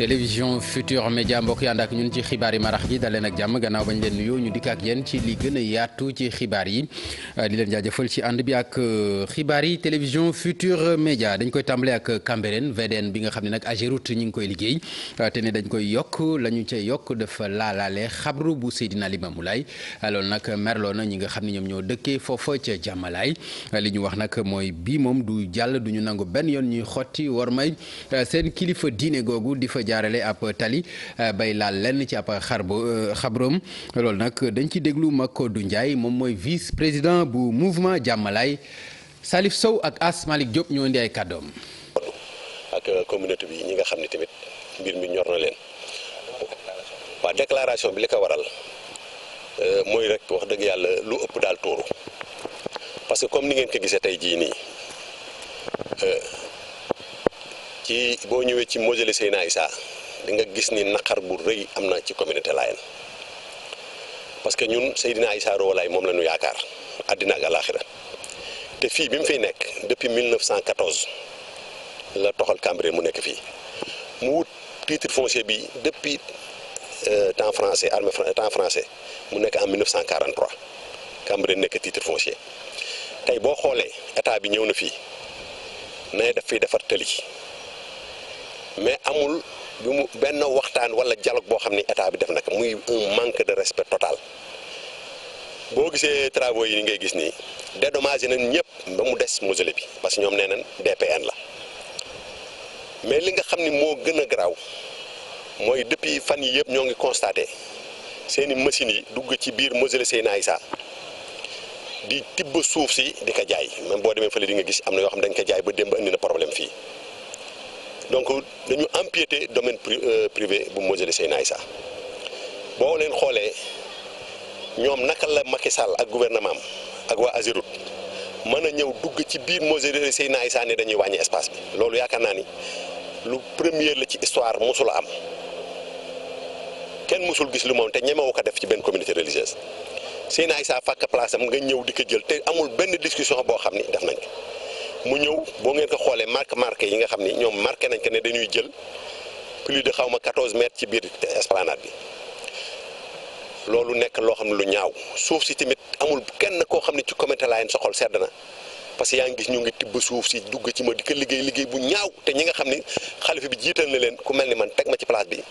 télévision Futur Média mbokk yi ànd ak ñun ci xibaar yi marax gi daleen ak jàmm gannaaw bañ leen nuyoo ñu dikk ak yéen ci li gën a ci xibaar yi euh, di leen jaajëfal ci ànd bi ak euh, xibaar yi télévision Futur Média dañ koy tàmbale ak Cambérène VDN bi nga xam ne nag Ageroute ñu ngi koy liggéey euh, te ne dañ koy yokk la ñu cay yokk dafa laalaale xabru bu Seydina Limamou Laye loolu nag merloo na ñi nga xam ne ñoom ñoo dëkkee foofa ca jàmmalaay li ñu wax nag mooy bii moom du jàll du ñu benn yoon ñuy xotti war may jaarale ab tali euh, bay laal lenn ci ab xarbu euh, xabrom loolu nag dañ ci déglu ma Makodou Ndiaye moom mooy vice président bu mouvement jàmmalaay Salif Sow ak As Malick Diop ñoo indi ay kàddoom. ak euh, communauté bi ñi nga xam ne tamit mbir mi ñor na leen waa déclaration bi li ko waral mooy rek wax dëgg yàlla lu ëpp daal tuuru parce comme ni ngeen ko gisee tey jii nii. ci boo ñëwee ci mausolée Seydina Issa di nga gis ni naqar bu rëy am na ci communauté Layène parce que ñun Seydina Issa Rouhou Laye moom la ñu yaakaar àddina ak alaaxira te fii bi mu fiy nekk depuis 1914 la toxal Cambérène mu nekk fii mu wut titre foncier bi depuis euh, temps français armée temps français mu nekk en 1943 Cambérène nekk titre foncier tey boo xoolee état bi ñëw na fii ne daf fiy defar tëli. mais amul bi mu benn waxtaan wala dialogue boo xam ni état bi def nag muy un manque de respect total boo gisee travaux yi ngay gis nii dédommagé nañ ñëpp ba mu des mausolée bi parce que ñoom nee nañ DPN la mais li nga xam ni moo gën a garaaw mooy depuis fan yi yëpp ñoo ngi constaté seeni machines yi dugg ci biir mausolée ay Issa di tibb suuf si di ko jaay même boo demee fële di nga gis am na yoo xam dañ ko jaay ba démb indi na problème fii donc dañu empiété domaine euh, privé bu mausolée Seydina Issa boo leen xoolee ñoom naka la Macky Sall ak gouvernement ak waa Ageroute mën a ñëw dugg ci biir mausolée Seydina Issa ne dañuy wàññi espace bi loolu yaakaar naa ni lu première la ci histoire mosula am kenn mosul gis li moom te ñemewu ko def ci benn communauté religieuse Seydina Issa fàkk place am nga ñëw di ko jël te amul benn discussion boo xam ni def nañ mu ñëw boo ngeen ko xoolee marque marque yi nga xam ni ñoom marqué nañ ko ne dañuy jël plus de xaw ma 14 ci biir esplanade bi loolu nekk loo xam ne lu ñaaw suuf si tamit amul kenn koo xam ne ci communauté laayeen soxol sedd na parce que yaa ngi gis ñu ngi tibb suuf si dugg ci ma di ko liggéey liggéey bu ñaaw te ñi nga xam ni xalifa bi jiital na leen ku mel ni man teg ma ci place bi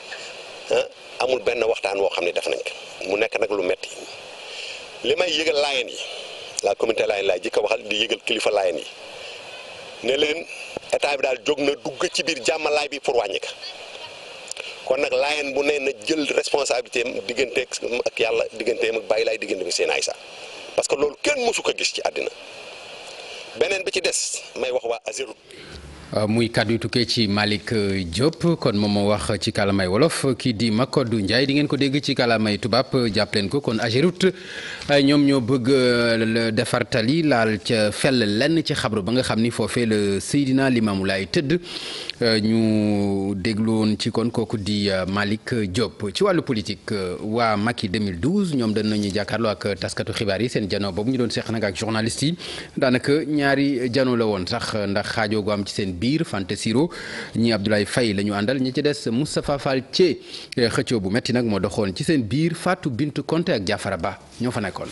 ah amul benn waxtaan woo xam ne def nañ ko mu nekk nag lu metti li ma yëgal laayeen yi la communauté laayeen laay jikko waxal di yëgal kilifa laayeen yi ne leen état bi daal jóg na dugg ci biir jàmmalaay bi pour wàññi kon nag laayeen bu ne na jël responsabilité am diggante ak yàlla digganteem ak bàyyi laay diggante bi seen sax parce que loolu kenn mësu ko gis ci àddina beneen bi ci des may wax waa Azerut Euh, muy kàddu yu tukkee ci Malick euh, Diop kon moom moo wax ci kàllaamay wolof kii di Makodou Ndiaye njaay dingeen ko dégg ci kalaamay tubaab euh, jàpp leen ko kon Ageroute ñoom ñoo bëgg defar tali laal ca fell lenn ci xabru ba nga xam ni foofee la Seydina Limaamu Laay tëdd ñu déglu woon ci kon kooku di Malick Diop ci wàllu politique waa Macky 2012 ñoom dañ nañu jàkkaarloo ak taskatu xibaar yi seen janoo boobu ñu doon seq nag ak journaliste yi daanaka ñaari janoo la woon sax ndax xaajoo gu am ci seen biir Fante Siro ñi Abdoulaye fay la ñu àndal ñi ci des Moustapha Fall Thié eh, xëccoo bu metti nag moo doxoon ci seen biir faatu Bintou Konté ak Diafara Ba ñoo fa nekkoon.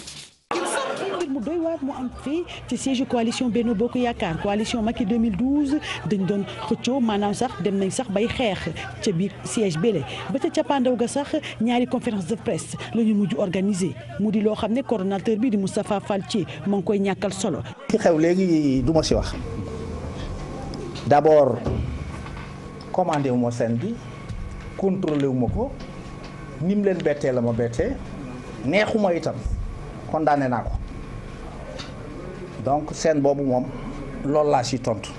mu doy waar fii ci siège coalition benn Bokk Yaakaar coalition Macky 2012 dañ doon xëccoo maanaam sax dem nañ sax bay xeex ca biir siège bële ba ca cappaandaw ga sax ñaari conférence de presse ñu mujj organisé mu di loo xam ne coordonnateur bi di Moustapha Fall Thié moo ngi koy ñàkkal solo. ci xew léegi duma ma si wax. d'abord commandé wu ma scène bi contrôlé wu ma ko ni mu leen bettee la ma bettee neexuma itam condamné naa ko donc seen boobu moom loolu laa ci tontu.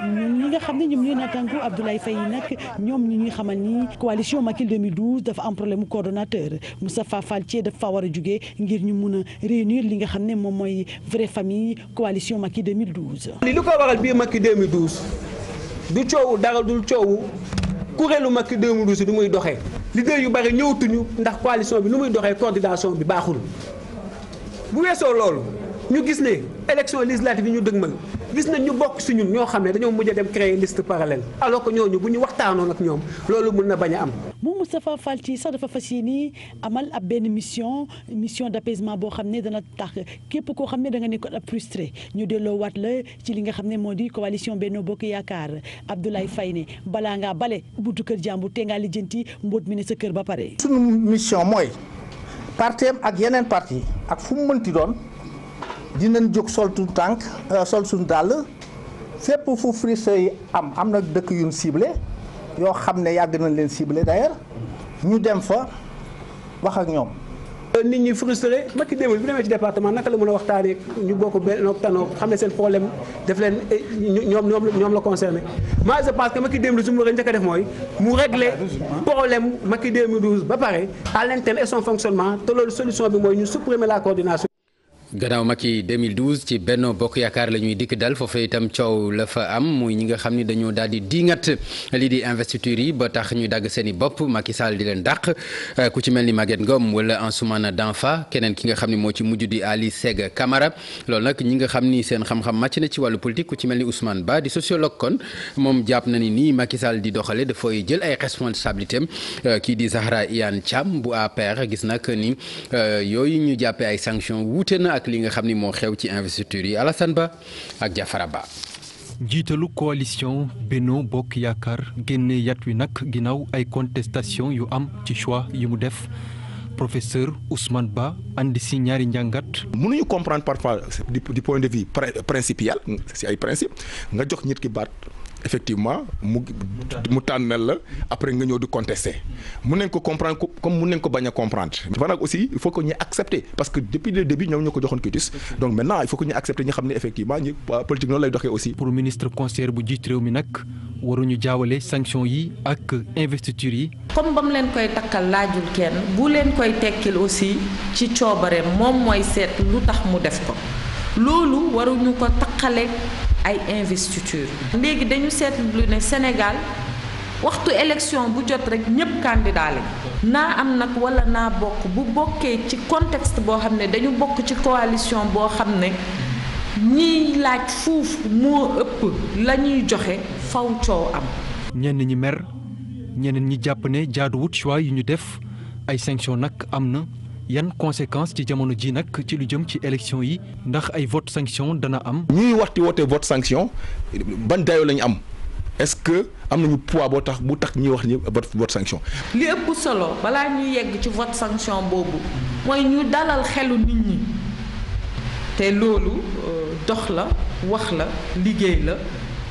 ñi nga xam ne ñoom ñooy naataango Abdoulaye Faye nag ñoom ñi ñuy xamal ni coalition Macky 2012 dafa am problème mu coordonnateur Moustapha Fall Thié dafa faa war a jugee ngir ñu mun a réunir li nga xam ne moom mooy vraie famille coalition Macky 2012. li lu ko waral bii Macky 2012. du coowu dara dul coowu kuréelu Macky 2012 du muy doxee leader yu bari ñëwatuñu ndax coalition bi nu muy doxee coordination bi baaxul bu weesoo loolu ñu gis ne élection législative yi ñu dëgmal bis nañ ñu bokk si ñoo xam ne dañoo mujj a dem créer liste parallèle alors que ñooñu bu ñu waxtaanoon ak ñoom loolu mun na bañ a am. moom Moustapha Fall ci sax dafa fas nii amal ab benn mission mission d' apaisement boo xam ne dana tax képp koo xam ne da nga nekkoon ab frustré ñu delloo waat la ci li nga xam ne moo di coalition benn Bokk Yaakaar Abdoulaye Faye ne balaa ngaa bale buntu kër jàmbur te ngaa lijjanti mbóot mi ne sa kër ba pare. suñu mission mooy parti ak yeneen parti ak fu mu mënti doon. dinañ jóg soltu tànk euh, sol suñ dàll fépp fu frisé yi am am na dëkk yuñ ciblé yoo xam ne yàgg nañ leen ciblé d'ailleurs ñu dem fa wax ak ñoom. Euh, nit ñi frustré Macky démb bu demee ci département naka la mun a waxtaanee ñu bokk benn tanoo xam ne seen problème def leen eh, ñoom ñoom ñoom la concerné moi je pense que Macky 2012 mu war a njëkk a def mooy mu régler problème Macky 2012 ba pare à l'interne et son fonctionnement te loolu solution bi mooy ñu supprimer la coordination. gannaaw Macky 2012 ci Benno Bokk Yaakaar la ñuy dikk dal foofee itam coow la fa am muy ñi nga xam ni dañoo daal di ngat lii di investiture yi ba tax ñuy dagg seen i bopp Macky Sall di leen daq euh, ku ci mel ni Maguette Ngom wala Ansoumana Danfa keneen ki nga xam ni moo ci mujj di Ali Sega Camara loolu nag ñi nga xam ni seen xam-xam màcc na ci wàllu politique ku ci mel ni Ousmane Ba di sociologue kon moom jàpp na ni nii Macky Sall di doxale dafay jël ay responsabilité am euh, kii di Zahra Iyane Thiam bu APR gis nag ni euh, yooyu ñu jàppee ay sanctions li nga xam ni moo xew ci investiture yi Alassane Ba ak jafara Ba. jiitalu coalition Benno Bokk Yaakaar génne yat wi nag ginnaaw ay contestation yu am ci choix yu mu def professeur Ousmane Ba andi si ñaari njàngat. mënuñu comprendre parfois du point de vue principiel si ay principe nga jox nit ki baat. effectivement mu mu tànnal la après nga ñëw di contester mun nañ ko comprendre comme mun nañ ko bañ a comprendre ba nag aussi il faut que ñu accepter parce que depuis le début ñoom ñoo ko joxoon kiitis donc maintenant il faut que ñu accepter ñu xam ne effectivement ñi politique noonu lay doxee aussi pour ministre conseiller bu jiit réew mi nag waruñu jaawale sanction yi ak investiture yi comme ba mu leen koy takkal laajul kenn bu leen koy tekkil aussi ci coobareem moom mooy seet lu tax mu def ko loolu waruñu ko takkale ay investiture léegi dañu seetlu ne Sénégal waxtu élection bu jot rek ñépp candidat lañ naa am nag wala naa bokk bu bokkee ci contexte boo xam ne dañu bokk ci coalition boo xam ne ñiy laaj fuuf moo ëpp la ñuy joxe faw coow am ñenn ñi mer ñeneen ñi jàpp ne jaaduwut choix yu ñu def ay sanction nag am na yan conséquence ci jamono ji nag ci lu jëm ci élection yi ndax ay vote sanction dana am. ñuy waxti woote vote sanction ban dayoo la ñu am est-ce que am nañu boo tax bu tax ñuy wax ni vote sanction. li ëpp solo balaa ñuy yegg ci vote sanction boobu mooy ñu dalal xelu nit ñi te loolu euh, dox la wax la liggéey la.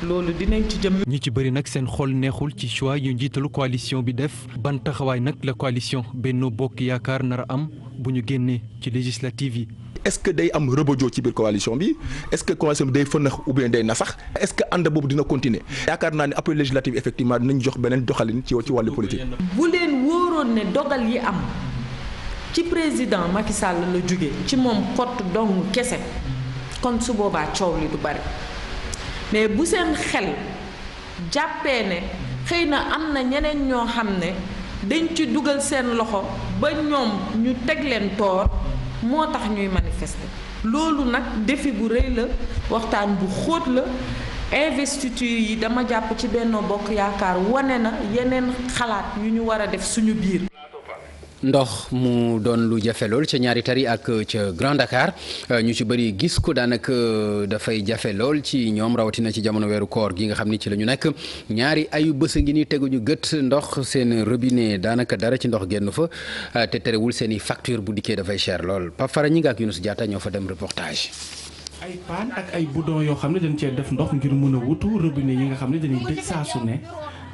loolu dinañ ci jëm. ñi ci bëri nag seen xol neexul ci choix yu njiitalu coalition bi def ban taxawaay nag la coalition Benno Bokk Yaakaar nar am bu ñu génnee ci législative yi. est-ce que day am rebojoo ci biir coalition bi est-ce que coalition bi day fënax ou bien day nasax est-ce que ànd boobu dina continuer yaakaar naa ne après législative effectivement dinañ jox beneen doxalin ci ci wàllu politique. bu leen wóoroon ne dogal yi am ci président Macky Sall la jóge ci moom kott dong kese kon su boobaa coow li du bari. mais bu seen xel jàppee ne xëy na am na ñeneen ñoo xam ne dañ ci dugal seen loxo ba ñoom ñu teg leen toor moo tax ñuy manifeste loolu nag defi bu rëy la waxtaan bu xóot la investiture yi dama jàpp ci Benno Bokk Yaakaar wane na yeneen xalaat yu ñu war a def suñu biir ndox mu doon lu jafe lool ca ñaari tari ak ca Grand Dakar euh, ñu ci bëri gis ko daanaka dafay jafe lool ci ñoom rawatina ci jamono weeru koor gi nga xam ni ci lañu ñu nekk ñaari ayu bës ngi ni teguñu gët ndox seen robinet daanaka dara ci ndox génn fa euh, te terewul seen i facture bu dikkee dafay cher lool Pape Fara ñi nga ak Younous jaata ñoo fa dem reportage. ay paan ak ay bidon yoo xam ne dañ cee def ndox ngir mën a wutu robinet yi nga xam ne dañuy tëj saa su ne.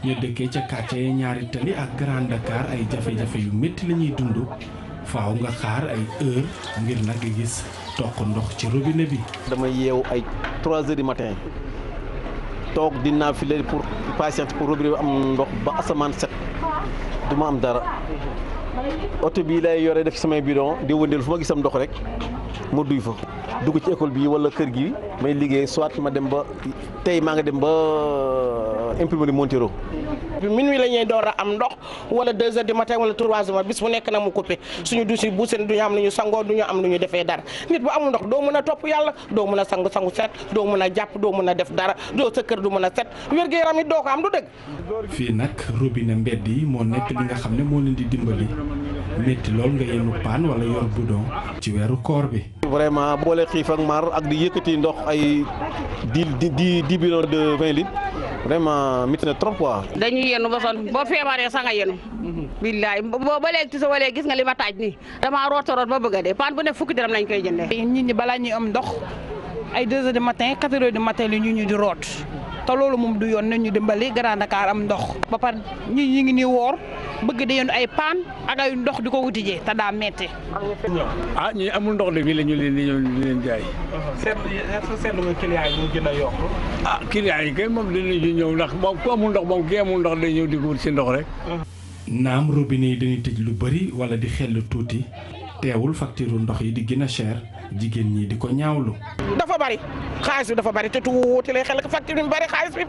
ñu dëkkee ca quartier ñaari tali ak Grand Dakar ay jafe-jafe yu métti la ñuy dund faaw nga xaar ay heure ngir nag gis toq ndox ci robinet bi. dama yeewu ay 3 heures du matin toog di naafile pour patiente pour robinet bi am ndox ba asamaan set duma am dara oto bii lay yore def samay bidon di wëndeel fu ma gisam ndox rek. ma duy fa dugg ci école bi wala kër gi may liggéey soit ma dem ba tey maa ngi dem ba euh, imprimerie Montero bi minuit la ñuy door am ndox wala deux heures du matin wala trois heures bis bu nekk na mu coupé suñu dusi bu seen duñu am lu ñu sangoo du ñu am lu ñu defee dara nit bu amul ndox doo mën a topp yàlla doo mën a sangu sangu set doo mën a jàpp doo mën a def dara doo sa kër du mën a set wér-gu-yaram it doo ko am du dëgg. fii nag robinet mbedd yi moo nekk li nga xam ne moo di dimbali métti lool nga yenu paan wala yor bidon ci weeru koor bi. vraiment boole xiif ak mar ak di yëkkati ndox ay di di di bidon de vingt litres vraiment métti na trop quoi. dañuy yenu ba sonn boo feebaree sa nga yenu. billaay boo ba léegi sa walee gis nga li ma taaj nii damaa root root ba bëgg de dee paan bu ne fukki dërëm lañ koy jëndee. nit ñi balaa ñuy am ndox ay 2 heures du matin 4 heures du matin la ñu ñu di root te loolu moom du yoon nañu ñu Grand Dakar am bëgg di yendu ay paan ak ay ndox di ko wuti jee te daa metti ah ñi amul ndox de fii la ñu leen di leen jaay. seetlu nga client yi mu gën a yokk. ah client yi kay moom dinañu ñëw ndax moom ku amul ndox moom kii amul ndox day ñëw di ko wut ndox rek. naam robine yi dañu tëj lu bëri wala di xel tuuti teewul facture ndox yi di gën a cher. jigéen ñi di ko ñaawlu. dafa bari xaalis bi dafa bari te tuuti lay xel facture bi bari xaalis bi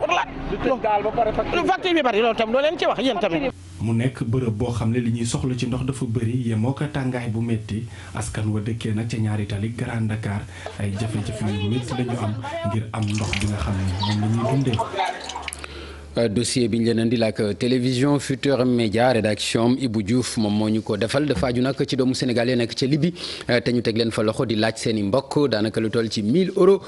bari loolu tam loo leen ci wax yéen tamit. mu nekk bërëb boo xam ne li ñuy soxla ci ndox dafa bëri yemoo ko tàngaay bu métti askan wa dëkkee nag ca ñaari tali Grand Dakar ay jafe-jafe yu métti la ñu am ngir am ndox bi nga xam ne moom la dundee. Euh, dossier bi leen di laak euh, télévision Futur Média rédaction Ibou Diouf moom moo ñu ko defal dafa aju nag ci doomu Sénégal yi nekk ca Libye euh, te ñu teg leen fa loxo di laaj seeni i mbokk daanaka lu toll ci 1000 euros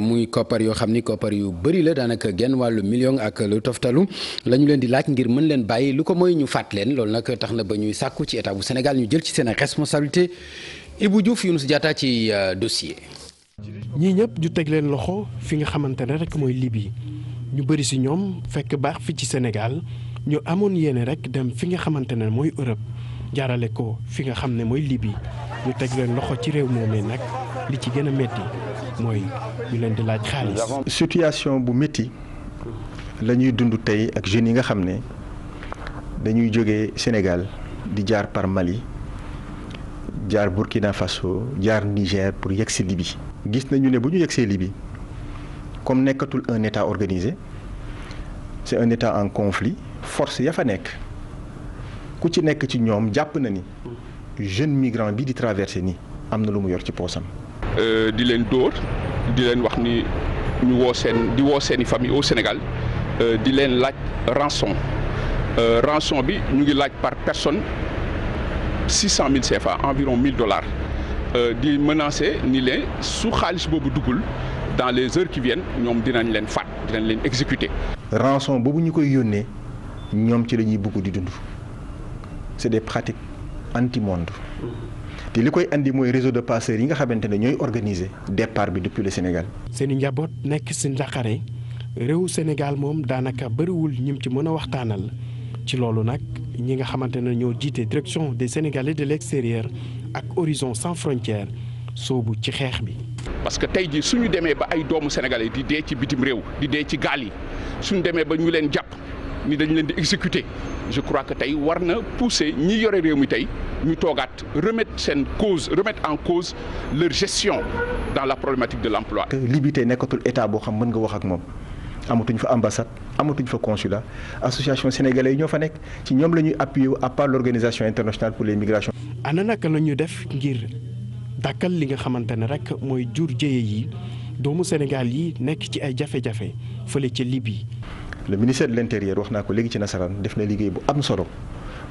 muy koppar yoo xam ni koppar yu bëri la daanaka genn wàllu million ak lu toftalu la ñu leen di laaj ngir mën leen bàyyi lu ko mooy ñu fàtt leen loolu nag tax na ba ñuy sàkku ci état bu Sénégal ñu jël ci seen responsabilité Ibou Diouf Younous Diatta ci dossier. ñii ñëpp ñu teg leen loxo fi nga xamante ne rek ñu bëri si ñoom fekk baax fi ci senegal ñu amoon yéene rek dem fi nga xamante ne mooy Europe jaarale ko fi nga xam ne mooy libi ñu teg leen loxo ci réew moomee nag li ci gën a métti mooy ñu leen di laaj xaalis. situation bu métti la ñuy dund tey ak jeunes yi nga xam ne dañuy jóge Sénégal di jaar par Mali jaar Burkina Faso jaar Niger pour yegg si Libye. gis nañu ne bu ñu yegg see libi comme nekkatul un état organisé c'est un état en conflit force ya fa nekk ku ci nekk ci ñoom jàpp na ni jeune migrant bi di traversé nii am na lu mu yor ci poosam. Euh, di leen dóor di leen wax ni ñu woo seen di woo seeni famille au Sénégal euh, di leen laaj rançon euh, rançon bi ñu ngi laaj par personne six cent mille CFA environ mille dollars di menacer ni leen su xaalis boobu duggul. dans les heures qui viennent ñoom dinañ leen faat dinañ leen exécuter. rançon boobu ñu koy yónnee ñoom ci la ñuy bugg di dund c'est des pratiques anti monde. te li koy indi mooy réseau de passeurs yi nga xamante ne ñooy organiser départ bi depuis le Sénégal. seen i njaboot nekk si njaqare réewu Sénégal moom daanaka bëriwul ñim ci mën a waxtaanal ci loolu nag ñi nga xamante ne ñoo jiite direction des Sénégalais de l'extérieur ak Horizon sans frontières. soobu ci xeex bi. parce que tey jii suñu demee ba ay doomu sénégalais di dee ci bitim réew di dee ci gaal yi suñu demee ba ñu leen jàpp ni dañu leen di exécuter je crois que tey war na pousser ñi yore réew mi tey ñu toogaat remettre seen cause remettre en cause leur gestion dans la problématique de l'emploi. que Libye tey nekkatul état boo xam mën nga wax ak moom. amatuñ fa ambassade amatuñ fa consulat association sénégalais yi ñoo fa nekk ci ñoom la ñuy appuyé à part l'organisation internationale pour les migrations. ana naka la ñu def ngir dàkkal li nga xamante ne rek mooy jur jëye yi doomu Sénégal yi nekk ci ay jafe-jafe fële ca Libye. le ministère de l'intérieur wax naa ko léegi ci nasaraan def na liggéey bu am solo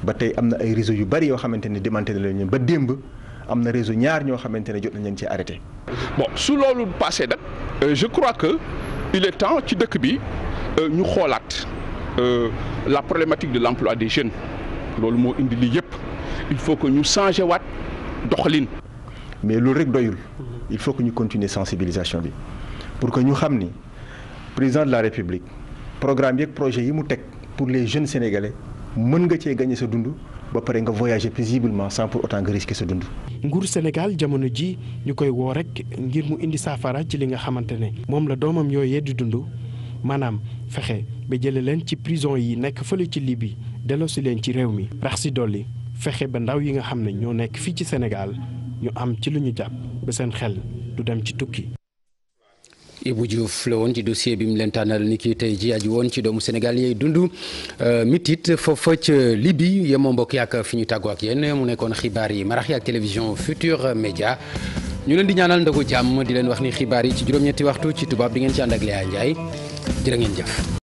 ba tey am na ay réseau yu bari yoo xamante ne démantelé lañu ba démb am na réseau ñaar ñoo xamante ne jot nañ leen ci arrêté. bon su loolu passé nag euh, je crois que il est temps ci dëkk bi euh, ñu xoolaat euh, la problématique de l'emploi des jeunes loolu moo indi lii yépp il faut que ñu changé waat doxalin. mais loolu rek doyul il faut que ñu continuer sensibilisation bi pour que ñu xam ni président de la république programme yeeg projet yi mu teg pour les jeunes sénégalais mën nga cee gagner sa dund ba pare nga voyager paisiblement sans pour autant nga risquer sa dund. nguur Sénégal jamono ji ñu koy woo rek ngir mu indi saafara ci li nga xamante ne. moom la doomam yooyee di dund maanaam fexe ba jëlee leen ci prison yi nekk fële ci Libye delloosi leen ci réew mi. rax si dolli fexe ba ndaw yi nga xam ne ñoo nekk fii ci Sénégal. ñu am ci lu ñu jàpp ba seen xel du dem ci tukki. Ibou Diouf la woon ci dossier bi mu leen tànnal ni ki tey ji aju woon ci doomu Sénégal yey dund euh, mitit foofa ca Libye yemoo mbokk yàq fi ñu tàggoo ak yéen mu nekkoon xibaar yi marax yi ak télévision Futur Média ñu leen di ñaanal ndogu jàmm di leen wax ni xibaar yi ci juróom-ñetti waxtu ci tubaab di ngeen ci ànd ak Léa Ndiaye jërë ngeen jëf.